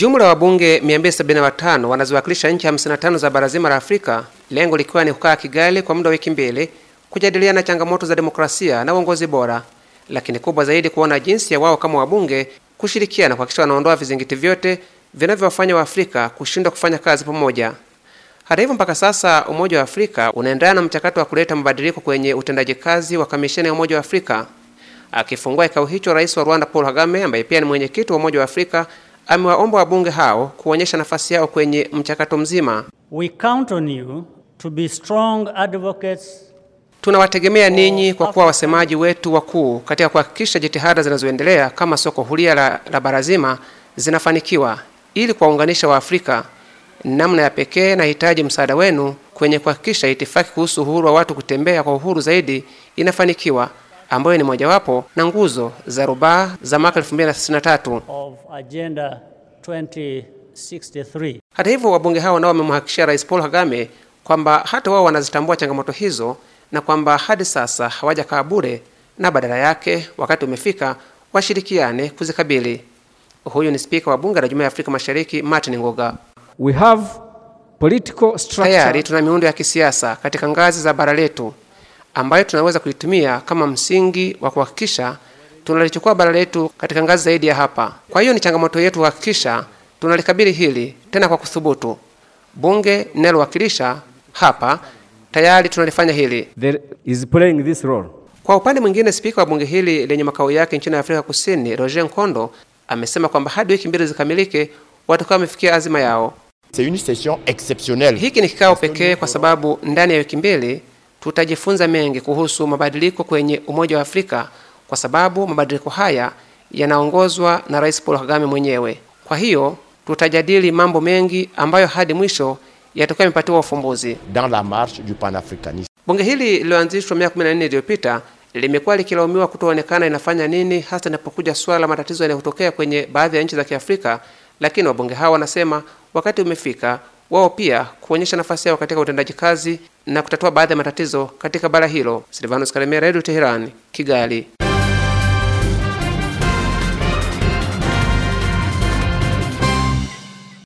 Jumla wabunge 275 wanaziwakilisha nchi 55 za bara zima la Afrika, lengo likiwa ni kukaa Kigali kwa muda wa wiki mbili kujadiliana changamoto za demokrasia na uongozi bora, lakini kubwa zaidi kuona jinsi ya wao kama wabunge kushirikiana kuhakikisha wanaondoa vizingiti vyote vinavyowafanya Waafrika kushindwa kufanya kazi pamoja. Hata hivyo, mpaka sasa Umoja wa Afrika unaendelea na mchakato wa kuleta mabadiliko kwenye utendaji kazi wa kamisheni ya Umoja wa Afrika. Akifungua kikao hicho, rais wa Rwanda Paul Kagame, ambaye pia ni mwenyekiti wa Umoja wa Afrika, amewaomba wabunge hao kuonyesha nafasi yao kwenye mchakato mzima. We count on you to be strong advocates Tunawategemea ninyi kwa kuwa wasemaji wetu wakuu katika kuhakikisha jitihada zinazoendelea kama soko huria la, la bara zima zinafanikiwa ili kuwaunganisha Waafrika. Namna ya pekee nahitaji msaada wenu kwenye kuhakikisha itifaki kuhusu uhuru wa watu kutembea kwa uhuru zaidi inafanikiwa ambayo ni mojawapo na nguzo za rubaa za mwaka 2063 Hata hivyo wabunge hao nao wamemhakikishia Rais Paul Kagame kwamba hata wao wanazitambua changamoto hizo na kwamba hadi sasa hawajakaa bure na badala yake wakati umefika washirikiane kuzikabili. Huyu ni spika wa bunge la Jumuiya ya Afrika Mashariki Martin Ngoga. We have political structure. Tayari tuna miundo ya kisiasa katika ngazi za bara letu ambayo tunaweza kuitumia kama msingi wa kuhakikisha tunalichukua bara letu katika ngazi zaidi ya hapa. Kwa hiyo ni changamoto yetu kuhakikisha tunalikabili hili tena kwa kuthubutu. Bunge linalowakilisha hapa tayari tunalifanya hili. There is playing this role. Kwa upande mwingine, spika wa bunge hili lenye makao yake nchini Afrika Kusini, Roger Nkondo amesema kwamba hadi wiki mbili zikamilike watakuwa wamefikia azima yao. Hiki ni kikao pekee kwa sababu ndani ya wiki mbili tutajifunza mengi kuhusu mabadiliko kwenye Umoja wa Afrika kwa sababu mabadiliko haya yanaongozwa na Rais Paul Kagame mwenyewe. Kwa hiyo tutajadili mambo mengi ambayo hadi mwisho yatakuwa yamepatiwa ufumbuzi. Dans la marche du panafricanisme. Bunge hili lililoanzishwa miaka 14 iliyopita limekuwa likilaumiwa kutoonekana inafanya nini hasa inapokuja suala la matatizo yanayotokea kwenye baadhi ya nchi za Kiafrika, lakini wabunge hawa wanasema wakati umefika wao pia kuonyesha nafasi yao katika utendaji kazi na kutatua baadhi ya matatizo katika bara hilo. Silvanus Karemera, Redio Teherani, Kigali.